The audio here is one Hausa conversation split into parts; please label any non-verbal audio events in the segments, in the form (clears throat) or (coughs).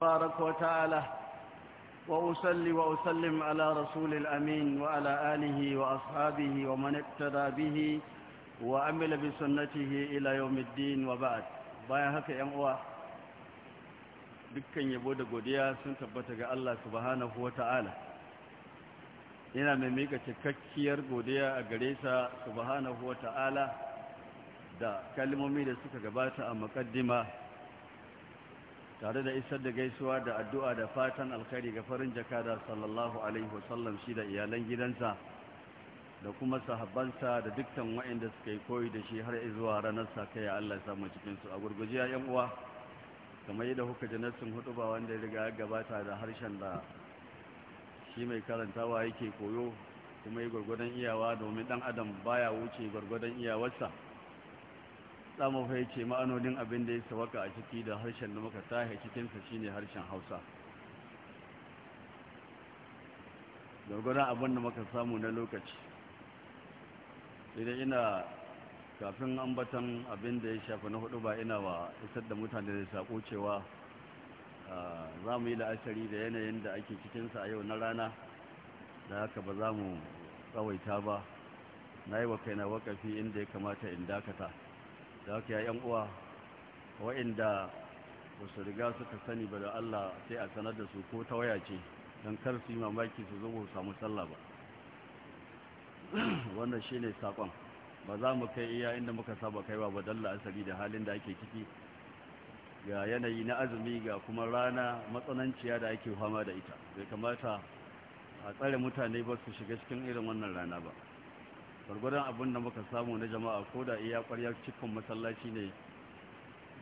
بارك وتعالى وأصلي وأسلم على رسول الأمين وعلى آله وأصحابه ومن اقتدى به وأمل بسنته إلى يوم الدين وبعد بايا هكا يموى بكا يبود قديا سنتبتك الله سبحانه وتعالى هنا مميكة تككير قديا أقريسا سبحانه وتعالى دا كلمة ميلة سكا قباتا أما قدمه tare da isar da gaisuwa da addu'a da fatan alkhairi ga farin jakada sallallahu alaihi wasallam shi da iyalan gidansa da kuma sahabbansa da dukkan wa'inda suka yi koyi da shi har zuwa ranar sa kai Allah ya cikinsu. A a gurgujiya yan uwa kamar yadda kuka ji nassin wanda ya riga gabata da harshen da shi mai karantawa yake koyo kuma yi gwargwadon iyawa domin dan adam baya wuce gwargwadon iyawarsa za mu ma'anonin abin da ya sawaka a ciki da harshen da muka sahi cikinsa shine harshen hausa dogara abin da muka samu na lokaci idan ina kafin ambatan abin da ya shafi na hudu ba ina wa isar da mutane da sako cewa za mu yi la'asari da yanayin da ake cikinsa a yau na rana da haka ba za mu tsawaita ba na yi wa na wakafi inda ya kamata in dakata da haka ya yan uwa wa'inda ba su riga suka sani ba da Allah sai a sanar da su ko ta waya ce don kar su yi mamaki su zo su samu sallah ba (clears throat) wannan shi ne saƙon ba za mu kai iya inda muka saba kaiwa ba dalla asali da halin da ake ciki ga yanayi na azumi ga kuma rana matsananciya da ake fama da ita bai kamata a tsare mutane ba su shiga cikin irin wannan rana ba gwargwadon abin da muka samu na jama'a ko da iya ƙwaryar cikin masallaci ne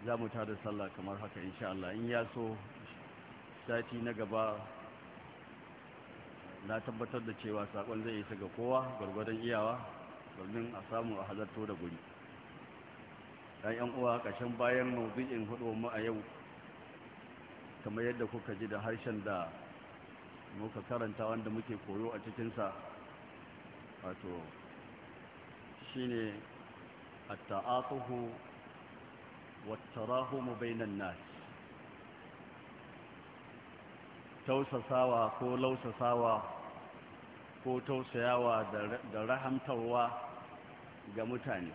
za mu tada sallah kamar haka insha Allah in ya so sati na gaba na tabbatar da cewa sakon zai isa ga kowa gwargwadon iyawa domin a samu a halarto da guri ɗan yan uwa ƙashin bayan mawuzi'in hudu mu a yau kamar yadda kuka ji da harshen da muka karanta wanda muke koyo a cikinsa wato shine at-ta'atuhu wat-tarahumu bainan nas tausasawa ko lausasawa ko tausayawa da rahamtarwa ga mutane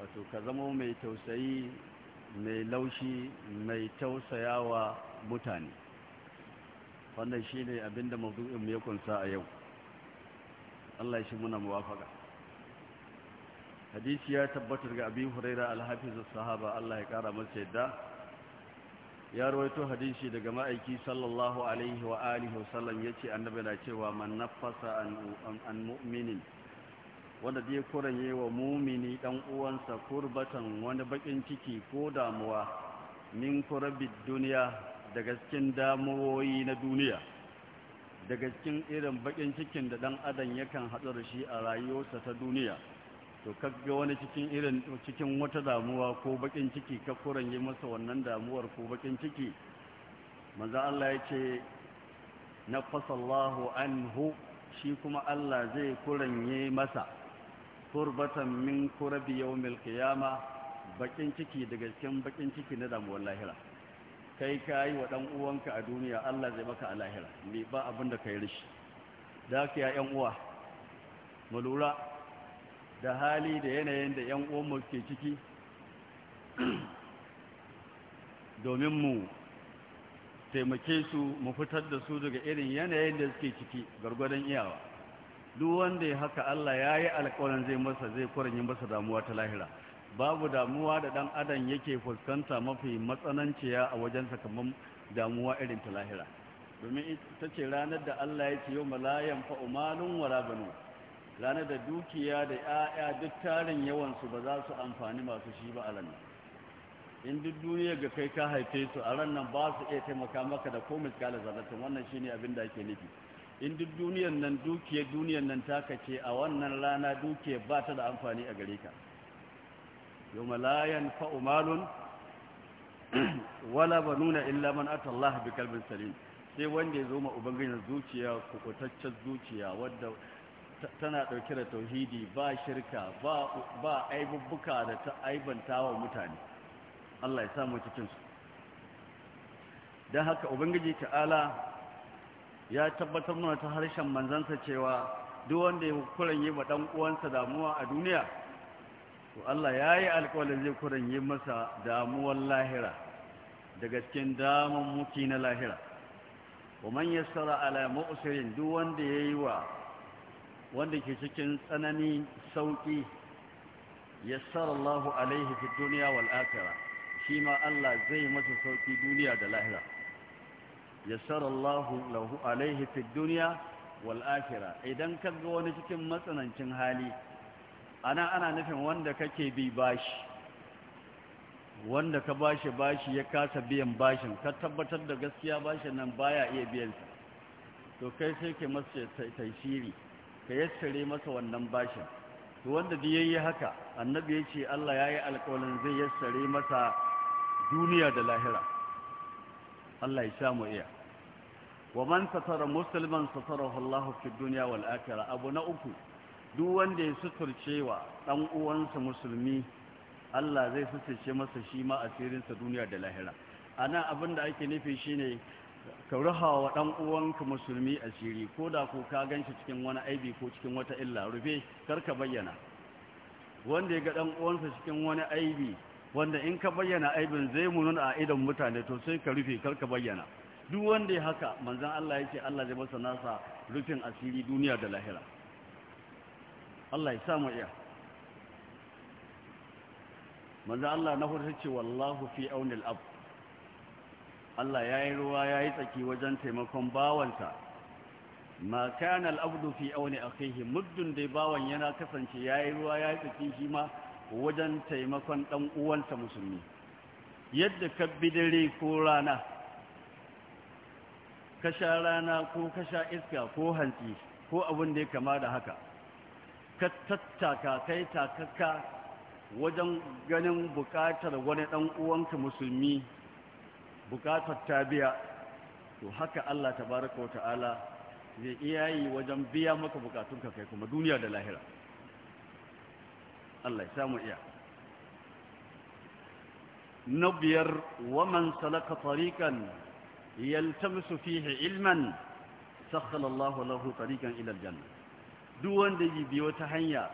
wato ka zama mai tausayi mai laushi mai tausayawa mutane wannan shine abinda mazu'in mu ya kunsa a yau Allah shi muna muwafaka hadisi ya tabbatar ga abin huraira alhafizu sahaba Allah ya kara masa yadda ya rawaito hadisi daga ma'aiki sallallahu alaihi wa alihi wasallam yace annabi na cewa man nafasa an an mu'minin wanda zai kuranye wa mumini dan uwansa kurbatan wani bakin ciki ko damuwa min kurabid duniya daga cikin damuwoyi na duniya daga cikin irin bakin cikin da dan adam yakan hadu da shi a rayuwarsa ta duniya to kaga wani cikin irin cikin wata damuwa ko bakin ciki ka yi masa wannan damuwar ko bakin ciki manzo Allah ya ce fasallahu anhu shi kuma Allah zai kuranye masa kurbatan min kurabi yawmil qiyama bakin ciki daga cikin bakin ciki na damuwar lahira kai kai wa dan uwanka a duniya Allah zai maka a lahira ni ba abin da kai rishi da ka ya yan uwa mu lura da hali da yanayin da 'yan uwanmu ke ciki domin mu taimake su mu fitar da su daga irin yanayin da suke ciki gargwadon iyawa duk wanda ya haka Allah ya yi alkawarin zai masa zai masa damuwa ta lahira babu damuwa da dan adam yake fuskanta mafi matsananciya a wajen kamar damuwa irin ta lahira domin ita ce ranar da Allah ya ce yau malayan fa'umalun wala banu rana da dukiya da 'ya'ya duk tarin yawansu ba za su amfani masu shi ba a in duk duniya ga kai ka haife su a ran nan ba su iya taimaka maka da komai kala zarratin wannan shi ne abin da ake nufi in duk duniyar nan dukiya duniyar nan taka ce a wannan rana dukiya ba ta da amfani a gare ka yau malayan fa'umalun wala wala nuna illa man ata Allah bi kalbin salim sai wanda ya zo ma ubangijin zuciya kukutaccen zuciya wadda tana ɗauke da tauhidi ba shirka ba aibubbuka da ta aibanta wa mutane Allah ya samu cikinsu don haka ubangiji ta'ala ya tabbatar mana ta harshen manzansa cewa duk wanda ya kuran yi ɗan uwansa damuwa a duniya to Allah ya yi alƙawalin zai kuran yi masa damuwan lahira daga cikin daman muki na lahira ومن يسر على مؤسر دون duk wanda ya wa wanda ke cikin tsanani sauƙi yassara Allahu alaihi fi duniya wal shi ma Allah zai masa sauƙi duniya da lahira yassara Allahu alaihi fi duniya wal idan ka ga wani cikin matsanancin hali ana ana nufin wanda kake bi bashi wanda ka bashi bashi ya kasa biyan bashin ka tabbatar da gaskiya bashin nan baya iya biyansa, to kai sai ke masa taishiri ka yassare masa wannan bashin to wanda da yayi haka annabi ya ce Allah ya yi alƙawarin zai yassare masa duniya da lahira Allah ya sha mu iya wa man satara musliman satarahu Allahu fi dunya wal akhira abu na uku duk wanda ya wa dan uwansa musulmi Allah zai suturce masa shi ma asirinsa duniya da lahira ana abin da ake nufi shine ka ruha wa ɗan uwanka musulmi asiri ko da ko ka gan shi cikin wani aibi ko cikin wata illa rufe kar ka bayyana wanda ya ga ɗan uwansa cikin wani aibi wanda in ka bayyana aibin zai nuna a idan mutane to sai ka rufe kar ka bayyana duk wanda ya haka manzon Allah yake Allah zai masa nasa rufin asiri duniya da lahira Allah ya samu iya manzon Allah na hudu ce wallahu fi aunil abd Allah ya yi ruwa ya yi tsaki wajen taimakon bawansa ma kana al'abdu fi auni akhihi muddun dai bawan yana kasance ya yi ruwa ya yi tsaki shi ma wajen taimakon ɗan uwansa musulmi yadda ka bidire ko rana ka sha rana ko ka sha iska ko hantsi ko abin da ya kama da haka ka tattaka kai takaka wajen ganin bukatar wani ɗan uwanka musulmi bukatar ta biya to haka Allah tabaraka wa ta'ala zai iya yi wajen biya maka bukatunka kai kuma duniya da lahira Allah ya samu iya na biyar waman salaka tariqan yaltamisu fihi ilman sakhalallahu lahu tariqan ila aljanna duk wanda yi biyo ta hanya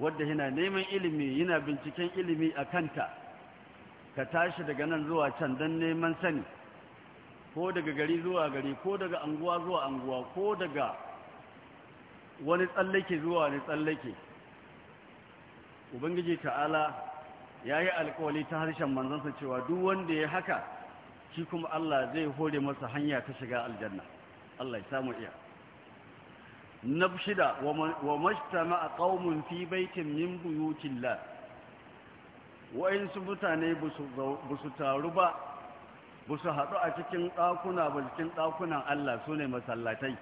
wadda yana neman ilimi yana binciken ilimi a kanta ka tashi daga nan zuwa can don neman sani ko daga gari zuwa gari ko daga anguwa zuwa anguwa ko daga wani tsallake zuwa wani tsallake ubangiji ta'ala ya yi alkawali ta harshen manzansa cewa duk wanda ya haka shi kuma Allah zai hore masa hanya ta shiga aljanna Allah ya samu iya na shida wa mashtama a ƙaumin fi baitin min buyutin wa'insu mutane ba su taru ba ba su haɗu a cikin ɗakuna ba cikin ɗakunan Allah su ne masallatai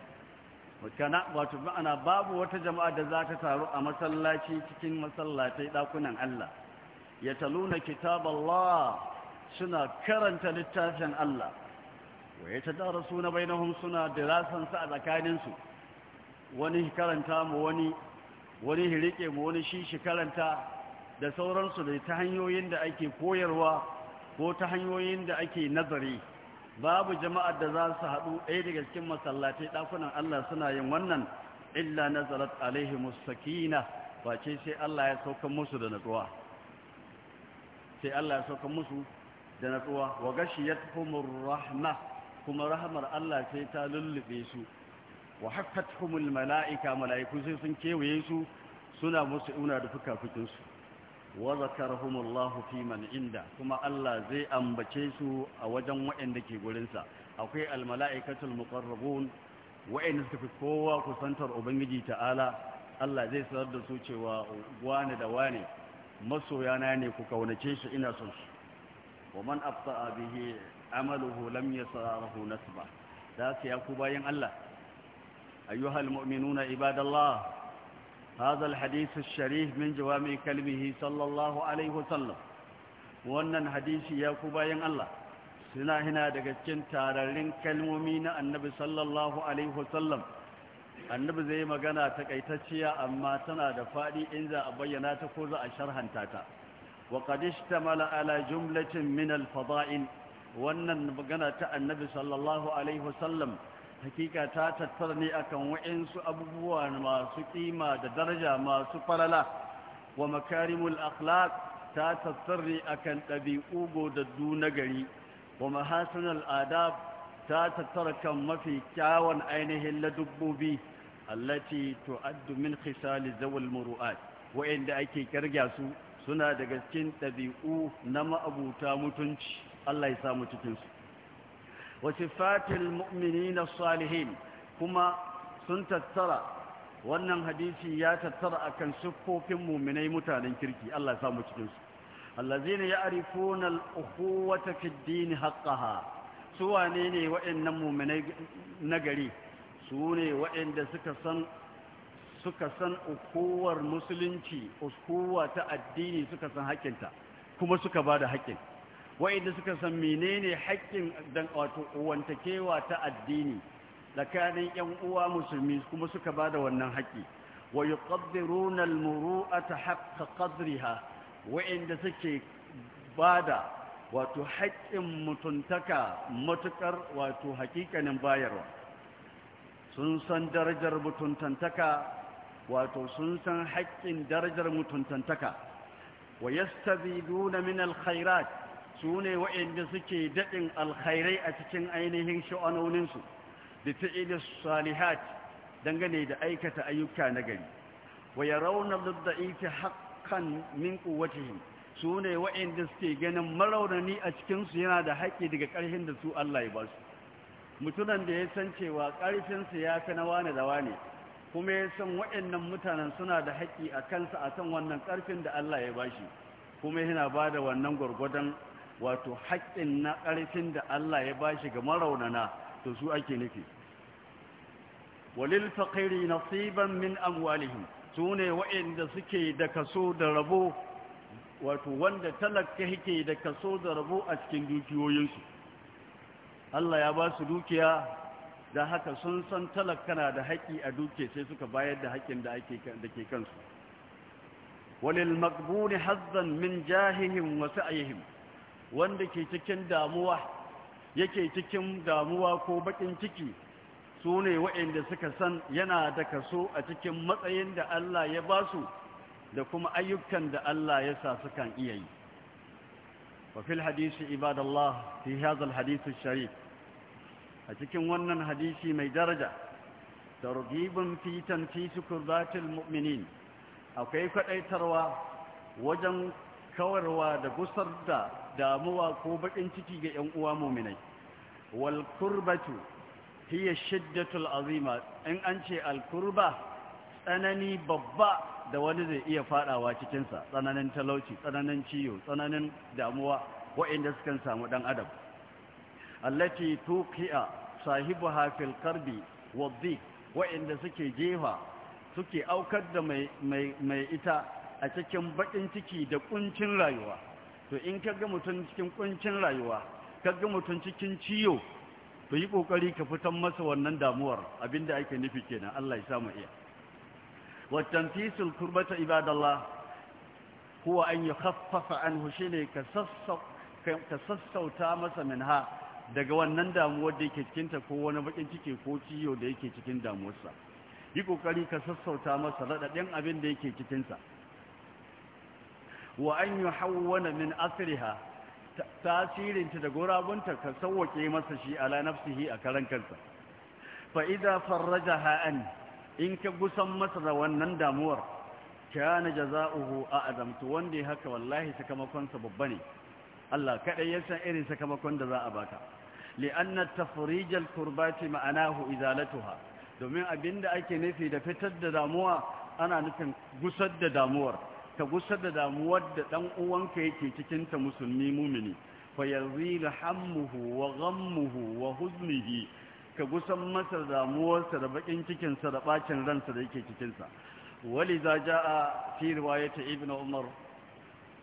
wato ma'ana babu wata jama'a da za ta taru a masallaci cikin masallatai ɗakunan Allah ya taluna kitab Allah suna karanta littafin Allah wa ya ta dara suna bainahun suna dirasansa a tsakaninsu wani karanta mu wani wani hirike mu wani shi shi karanta da sauransu da ta hanyoyin da ake koyarwa ko ta hanyoyin da ake nazari babu jama'ar da za su haɗu ɗaya daga cikin masallatai ɗakunan Allah suna yin wannan illa nazarat alaihimus Ba ce sai Allah ya sauka musu da natsuwa sai Allah ya sauka musu da natsuwa wa gashiyatuhumur rahma kuma Rahamar Allah sai ta lullube su wa haffatuhumul mala'ika mala'iku sai sun kewaye su suna musu una da fuka wa zakarahumullahu fi man inda kuma Allah zai ambace su a wajen waɗanda ke gurinsa akwai almala'ikatul muqarrabun waɗanda suka fi kowa kusantar ubangiji ta'ala Allah zai sanar da su cewa wane da wane masoyana ne ku kaunace shi ina son shi wa man afta'a bihi amaluhu lam yasarahu nasba da su ya ku bayan Allah ayyuhal mu'minuna ibadallah هذا الحديث الشريف من جوامع كلمه صلى الله عليه وسلم wannan hadisi ya ku bayan Allah suna hina daga cikin tararrin kalmomi na annabi sallallahu alaihi wasallam annabi zai magana takaitacciya amma tana da fadi in za a bayyana ta ko za a sharhanta ta wa qad ishtamala ala jumlatin min al-fada'il wannan magana ta annabi sallallahu alaihi wasallam hakika ta tattara ne akan wa'insu abubuwa masu kima da daraja masu farala. wa makarimul akhlaq ta tattara ne akan ɗabi'u godaddu na gari wa mahasanal adab ta tattara kan mafi kyawun ainihin ladubbobi allati tu'addu min khisali zawal muru'at wa'inda ake kirga su suna daga cikin ɗabi'u na ma'abuta mutunci Allah ya samu cikinsu wa sifatil mu'minina salihin kuma sun tattara wannan hadisi ya tattara akan siffofin mu'minai mutanen kirki Allah ya samu cikin su allazina ya'rifuna al-ukhuwata fi ad-din haqqaha su wane ne wa'annan mu'minai nagari su ne wa'anda suka san suka san ukuwar musulunci ukuwa ta addini suka san hakinta kuma suka bada hakinta wa'inda suka san menene haƙƙin dan wato uwantakewa ta addini tsakanin ƴan uwa musulmi kuma suka bada wannan haƙƙi wa yuqaddiruna al-muru'ata haqqa qadriha wa'inda suke bada wato haƙƙin mutuntaka matuƙar wato haƙiƙanin bayarwa sun san darajar mutuntantaka wato sun san haƙƙin darajar mutuntantaka wa yastaziduna min alkhairat. khairat su ne wa'inda suke daɗin alkhairai a cikin ainihin sha'anoninsu da fi'ili salihat dangane da aikata ayyuka na gari wa yarawna dhadda'ifi haqqan min quwwatihim su ne wa'inda suke ganin maraunani a cikinsu yana da haƙƙi daga ƙarfin da su Allah ya ba su mutunan da ya san cewa ƙarfinsu ya fi na wane da wane kuma ya san wa'annan mutanen suna da haƙƙi a kansa a kan wannan ƙarfin da Allah ya ba shi kuma yana ba da wannan gwargwadon wato haƙƙin na ƙarfin da Allah ya bashi ga maraunana to su ake nufi walil faqiri nasiban min amwalihim sune wa'inda suke da kaso da rabo wato wanda talaka yake da kaso da rabo a cikin dukiyoyinsu Allah ya ba su dukiya da haka sun san talaka na da haƙi a duke sai suka bayar da haƙin da ake da ke kansu walil maqbuni hazzan min jahihim wa sa'yihim wanda ke cikin damuwa yake cikin damuwa ko bakin ciki su ne waɗanda suka san yana da kaso a cikin matsayin da Allah ya ba su da kuma ayyukan da Allah ya sa sukan iya yi wa hadisi ibadallah fi hadisi sharif a cikin wannan hadisi mai daraja fitan fi tanfis kurbatil mu'minin akwai kwadaitarwa wajen kawarwa da gusar da damuwa ko bakin ciki ga ƴan uwa mu'minai wal kurbatu hiya shiddatul azima in an ce al kurba tsanani babba da wani zai iya fadawa cikin sa tsananin talauci tsananin ciyo tsananin damuwa wa'inda suka samu dan adam allati tuqi'a sahibuha fil karbi wadhi wa'inda suke jefa suke aukar da mai mai ita a cikin bakin ciki da kuncin rayuwa to in ka ga mutum cikin kuncin rayuwa ka ga mutum cikin ciyo to yi kokari ka fitan masa wannan damuwar abinda ake nufi kenan Allah ya samu iya wa tanfisul kurbata ibadallah huwa an yukhaffafa anhu shine ka sassa ka sassauta masa minha daga wannan damuwar da yake cikinta ko wani bakin ciki ko ciyo da yake cikin damuwarsa yi kokari ka sassauta masa radadin abin da yake cikinsa wa an yuhawwana min ta tasirinta da gurabunta ka sauwake masa shi ala nafsihi a karan kansa fa idza farrajaha in ka gusan masa da wannan damuwar kana jazauhu a to wanda ya haka wallahi sakamakon sa babba ne Allah kaɗai ya san irin sakamakon da za a baka li'anna tafrij al-kurbati ma'anahu izalatuha domin abinda ake nufi da fitar da damuwa ana nufin gusar da damuwar ka gusa da damuwar da ɗan uwanka yake cikin ta musulmi mumini fa yazil hammuhu wa ghammuhu wa huznihi ka gusan masa damuwarsa da bakin cikin sa da bacin ransa da yake cikin sa ولذا جاء في رواية ابن Umar,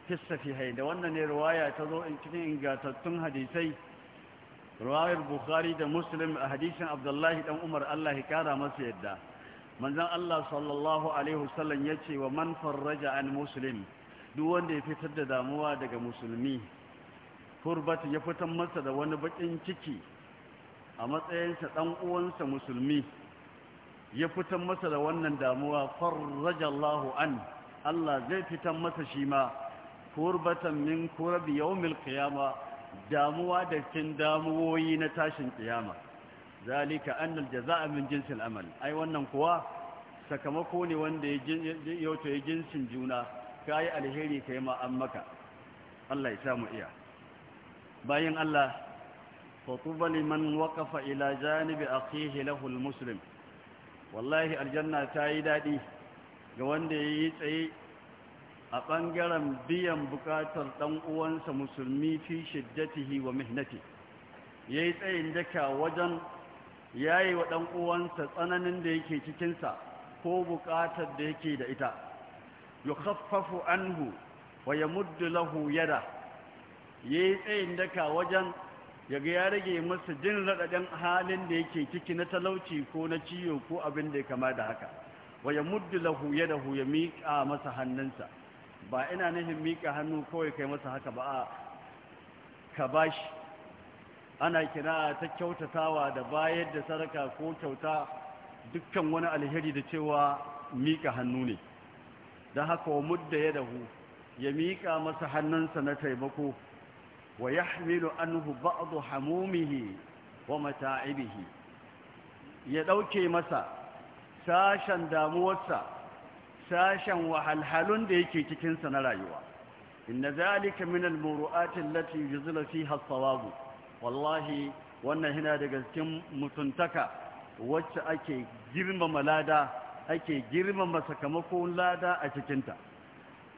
في السفيهين da wannan ne riwaya ta zo cikin ingantattun hadisai riwayar bukhari da muslim a hadisin abdullahi dan umar Allah ya kara masa yadda manzon Allah sallallahu alaihi wasallam yace wa man farraja an muslim duk wanda ya fitar da damuwa daga musulmi furbatin ya fitar masa da wani bakin ciki a matsayinsa ɗan'uwansa uwansa musulmi ya fitar masa da wannan damuwa farraja Allah an Allah zai fitar masa shi ma furbatan min kurabi yawmil qiyama damuwa da cin damuwoyi na tashin kiyama zalika annal jaza'a min jinsil amal ai wannan kuwa sakamako ne wanda ya ya jinsin juna ka yi alheri ka yi ma'an Allah ya samu iya bayan Allah fatuba liman waqafa ila janibi akhihi lahu almuslim wallahi aljanna ta yi dadi ga wanda yayi tsaye a bangaren biyan bukatar dan uwansa musulmi fi shiddatihi wa mihnati yayi tsayin daka wajen ya yi wa ɗan uwansa tsananin da yake cikinsa ko buƙatar da yake da ita an anhu wa muddu lahu yada yi tsayin daka wajen yaga ya rage masa jin raɗaɗen halin da yake ciki na talauci ko na ciyo ko abin da ya kama da haka wa muddu lahu hu ya miƙa masa hannunsa ba ina nufin miƙa hannu kawai kai masa haka ba a ka bashi ana kira ta kyautatawa da bayar da sadaka ko kyauta dukkan wani alheri da cewa mika hannu ne da haka wa mudda ya dahu ya mika masa hannunsa na taimako wa yahmilu anhu ba'du hamumihi wa mata'ibihi ya ɗauke masa sashen damuwarsa sashen wahalhalun da yake cikinsa na rayuwa inna zalika min al-muru'ati allati yuzla fiha as-sawabu wallahi wannan yana daga cikin mutuntaka wacce ake girmama lada ake girmama sakamakon lada a cikinta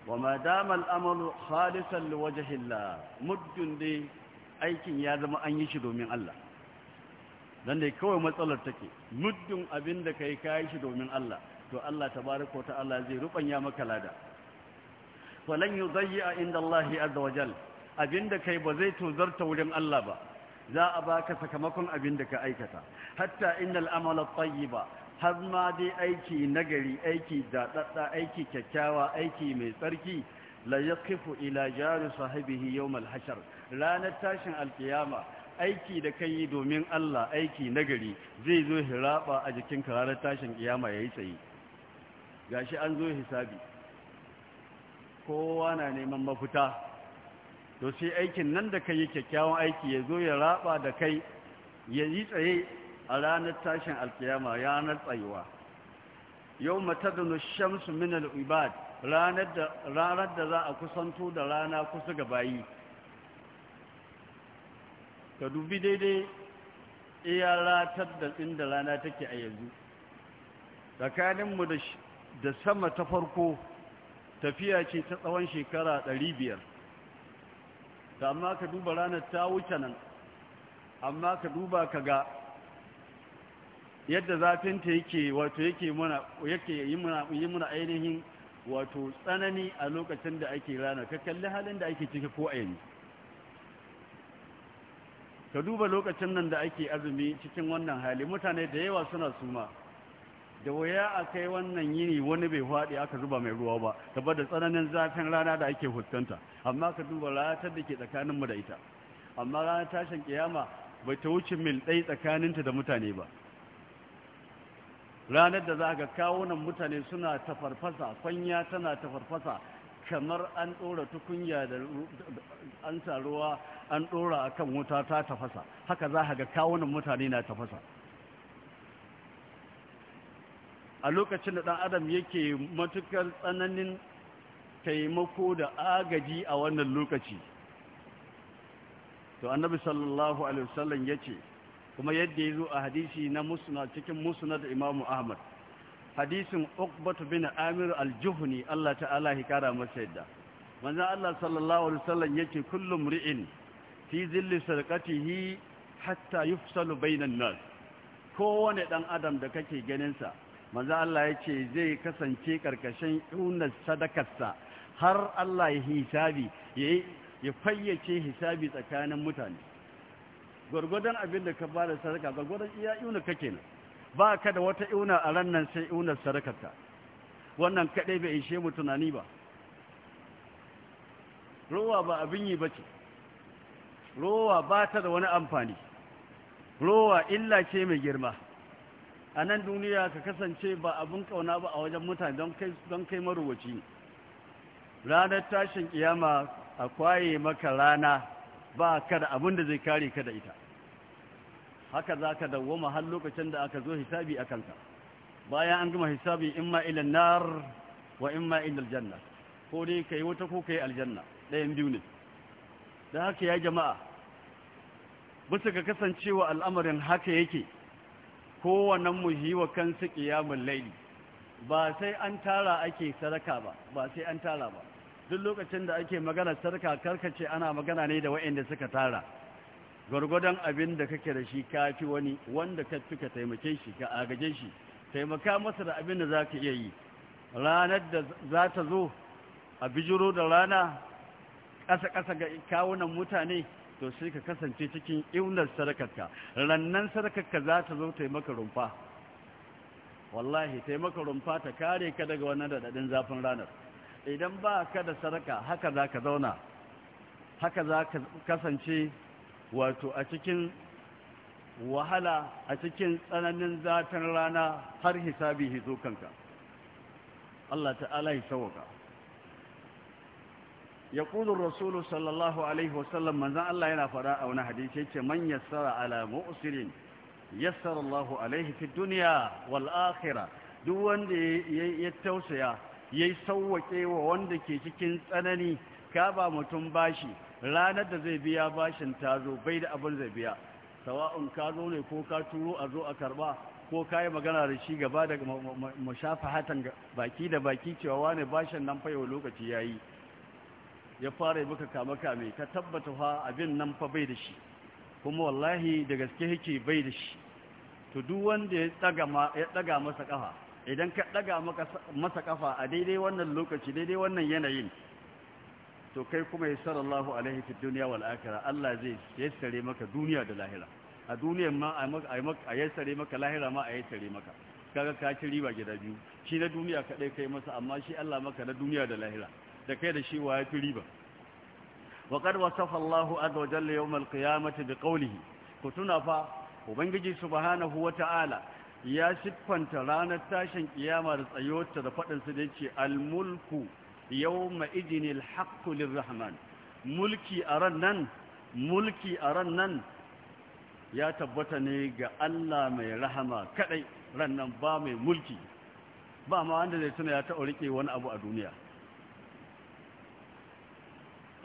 wa ma dama al'amalu khalisan liwajhillah muddin dai aikin ya zama an yi shi domin Allah dan dai kawai matsalar take muddin abin da kai kai shi domin Allah to Allah tabaaraka ta'ala zai rubanya maka lada falan yudayya inda Allah azza wajal abinda kai ba zai tozarta wurin Allah ba za a baka sakamakon abin da ka aikata hatta innal tsayi ba, har ma dai aiki nagari aiki dadadda aiki kyakkyawa aiki mai tsarki la yaqifu ila jari sahibihi ranar tashin alkiyama aiki da kai domin Allah aiki nagari zai zo hiraba a jikin ranar tashin kiyama yayi tsayi gashi an zo hisabi kowa na neman mafita to sai aikin nan da ka yi kyakkyawan aiki ya zo ya raba da kai ya yi tsaye a ranar tashin alkiyama ranar tsayuwa yau matadunu shamsu min ibad ranar da za a kusanto da rana kusa ga bayi ka dubi daidai iya ratar da inda rana take a yanzu tsakaninmu da sama ta farko tafiya ce ta tsawon shekara biyar. ta amma ka duba ranar ta wuce nan amma ka duba ka ga yadda zafinta yake wato yake yi muna ainihin wato tsanani a lokacin da ake rana ka kalli halin da ake ciki ko ainihi ka duba lokacin nan da ake azumi cikin wannan hali mutane da yawa suna suma da waya a kai wannan yini wani bai faɗi aka zuba mai ruwa ba gaba da tsananin zafin rana da ake fuskanta amma ka duba ratar da ke tsakaninmu da ita amma rana tashin kiyama bai ta wuce mil ɗai tsakaninta da mutane ba ranar da za ga kawo mutane suna farfasa kwanya tana farfasa kamar an ɗora tukunya da an sa ruwa an ɗora akan wuta ta tafasa haka za ga kawunan mutane na tafasa a lokacin da ɗan adam yake matukar tsananin taimako da agaji a wannan lokaci to annabi sallallahu alaihi wasallam yace kuma yadda yazo a hadisi na musnad cikin musnad imamu ahmad hadisin uqbatu bin amir al-juhni Allah ta'ala ya kara masa yadda manzo Allah sallallahu alaihi wasallam yace kullum ri'in fi zilli sarqatihi hatta yufsalu bainan nas kowane dan adam da kake ganin sa manzo Allah ya ce zai kasance karkashin unar sadakarsa har Allah ya hisabi ya fayyace hisabi tsakanin mutane gwargwadon abin da ka ba da sadaka gwargwadon iya iuna kake nan ba ka da wata iuna a ran nan sai iunar sadakarta. wannan kaɗai bai ishe mu tunani ba rowa ba abin yi ba ce rowa ba ta da wani amfani rowa illa ce mai girma a nan duniya ka kasance ba abin kauna ba a wajen mutane don kai marubuci ranar tashin kiyama a kwaye maka rana ba ka da abin da zai kare ka da ita haka za ka dawoma har lokacin da aka zo hisabi a kanka bayan an gama hisabi imma ilan nar wa imma ilal janna ko dai ka yi wata ko ka yi aljanna ɗayan biyu ne da haka ya jama'a bisa ka kasancewa al'amarin haka yake kowane mu yi wa kansu ƙiyamun laili ba sai an tara ake sadaka ba ba sai an tara ba duk lokacin da ake magana sadaka karkace ana magana ne da waɗanda suka tara gwargwadon abin da kake da shi kafi fi wani wanda ka fi taimake shi ka agaje shi taimaka masa da abin da za ka iya yi ranar da za ta zo a bijiro da rana ƙasa-ƙasa ga kawunan mutane to sai ka kasance cikin iunar sadakarka rannan sadakarka za ta zo taimaka rumfa wallahi taimaka rumfa ta kare ka daga wannan daɗaɗin zafin ranar idan ba ka da sadaka haka za ka zauna haka za ka kasance wato a cikin wahala a cikin tsananin zafin rana har hisabi hizo kanka Allah ta'ala ya sauka ya kudu rasulu sallallahu alaihi wasallam manzan Allah yana fara a wani hadisi ce man yassara ala mu'sirin yassara Allahu alaihi fi duniya wal akhirah duk wanda ya tausaya yayi sauwake wa wanda ke cikin tsanani ka ba mutum bashi ranar da zai biya bashin ta zo bai da abin zai biya sawa'un ka zo ne ko ka turo a zo a karba ko ka yi magana da shi gaba da mashafa hatan baki da baki cewa wane bashin nan fayo lokaci yayi ya fara maka kama kame ka tabbata fa abin nan fa bai da shi kuma wallahi da gaske yake bai da shi to duk wanda ya daga ya daga masa kafa idan ka daga maka masa kafa a daidai wannan lokaci daidai wannan yanayin to kai kuma ya sallallahu alaihi fi dunya wal akhirah Allah zai yassare maka duniya da lahira a duniyar ma a maka a yassare maka lahira ma a yassare maka kaga ka ci riba gida biyu shi na duniya kadai kai masa amma shi Allah maka na duniya da lahira da kai da shi wa ya fi riba wa qad wasafa Allahu da wa jalla yawm al ku tuna fa ubangiji subhanahu wa ya siffanta ranar tashin kiyama da tsayota da fadin sa da yace al-mulku yawma idinil haqqu mulki a ran nan mulki a ran nan ya tabbata ne ga Allah mai rahama rannan ran nan ba mai mulki ba ma wanda zai tuna ya taɓa riƙe wani abu a duniya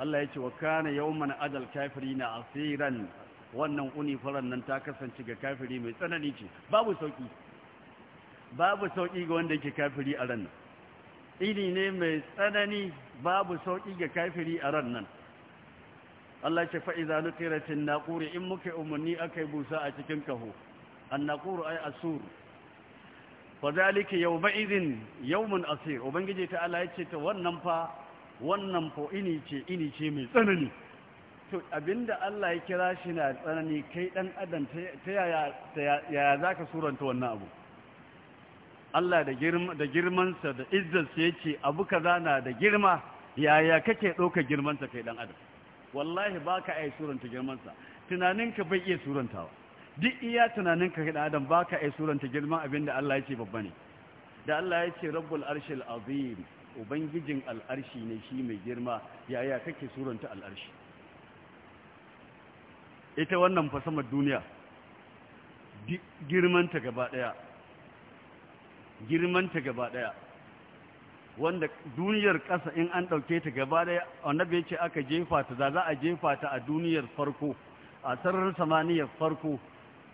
Allah ya ce wa kana yawman adal na asiran wannan uni nan ta kasance ga kafiri mai tsanani ce babu sauki babu sauki ga wanda yake kafiri a ran ini ne mai tsanani babu sauki ga kafiri a ran nan Allah ce fa idza naquri in muka umarni akai busa a cikin kaho annaquru ay asur fa zalika yawma idin yawmun asir ubangije ta Allah ya ce ta wannan fa wannan fo ini ce ini ce mai tsanani to abinda Allah ya kira shi na tsanani kai dan adam ta yaya za ka suranta wannan abu Allah da girmansa da izzarsa sa ce abu kaza na da girma yaya kake girman girmansa kai dan adam wallahi ba ka girman suranta girmansa tunaninka bai iya surantawa duk iya tunaninka kai dan adam ba ka suranta girman abinda Allah yake babba ne da Allah yake rabbul arshil azim ubangijin al'arshi ne shi mai girma yaya kake suranta al'arshi ita wannan fasamar duniya girmanta gaba daya girmanta gaba daya wanda duniyar ƙasa in an ɗauke ta gaba daya annabi ce aka jefa ta za a jefa ta a duniyar farko a sararin samaniyar farko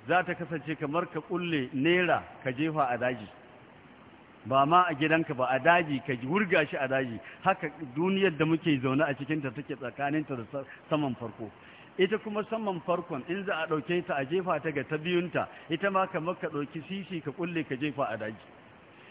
za ta kasance kamar ka kulle nera ka jefa a daji ba ma a gidanka ba a daji ka wurga shi a daji haka duniyar da muke zaune a cikinta take tsakaninta da saman farko ita kuma saman farkon in za a ɗauke ta a jefa ta ga ta biyunta ita ma kamar ka ɗauki sisi ka kulle ka jefa a daji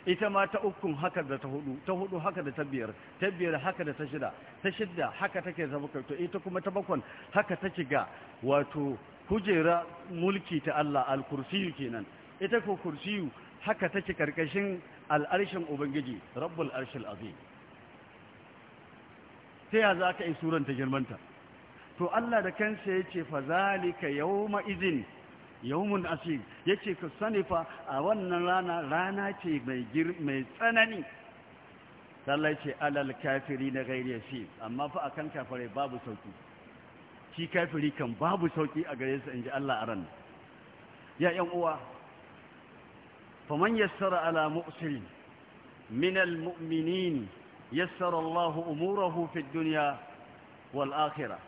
ita ma ta uku haka da ta hudu ta hudu haka da ta biyar ta biyar haka da ta shida ta shida haka take zama to ita kuma ta bakon haka ta shiga wato kujera mulki ta Allah al-kursiyu kenan ita ko kursiyu haka take karkashin al'arshin ubangiji rabbul arshil azim ta ya za ka yi suranta girmanta to Allah da kansa ya ce fazalika yawma izin yawmun asir ya ce ka sani fa a wannan rana rana ce mai tsanani Allah ce alal kafiri na gairi yasir amma fa akan kafare babu sauki shi kafiri kan babu sauki a gare su in ji Allah a ran ya yan uwa فمن يسر على مؤسر من المؤمنين يسر الله أموره في الدنيا والآخرة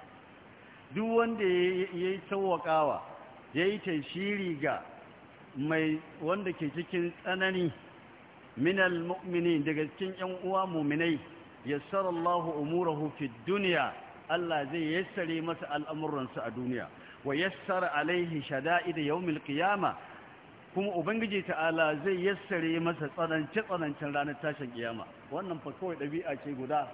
duk wanda ya yi tsawakawa ya yi tashiri ga mai wanda ke cikin tsanani minal mu'mini daga cikin yan uwa muminai yassarallahu umurahu fid dunya Allah zai yassare masa al'amuransa a duniya wa yassara alaihi shada'id yawmil qiyama kuma ubangiji ta'ala zai yassare masa tsanance-tsanancen ranar tashin kiyama wannan fa kawai ɗabi'a ce guda